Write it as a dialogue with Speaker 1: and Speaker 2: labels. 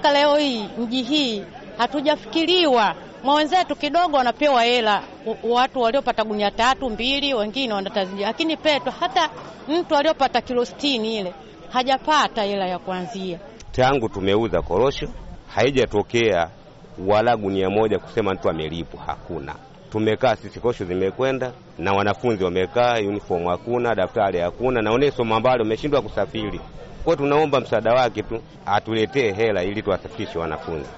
Speaker 1: mpaka leo hii mji hii hatujafikiriwa mwenzetu kidogo wanapewa hela watu waliopata gunia tatu mbili, wengine wanatazia, lakini Petwa hata mtu aliopata kilo sitini ile hajapata hela ya kuanzia.
Speaker 2: Tangu tumeuza korosho haijatokea wala gunia moja kusema mtu amelipwa, hakuna. Tumekaa sisi, korosho zimekwenda na wanafunzi wamekaa, uniform hakuna, daftari hakuna, na unesoma ambalo umeshindwa kusafiri kwa tunaomba msaada wake tu atuletee hela
Speaker 3: ili tuwasafishe wanafunzi.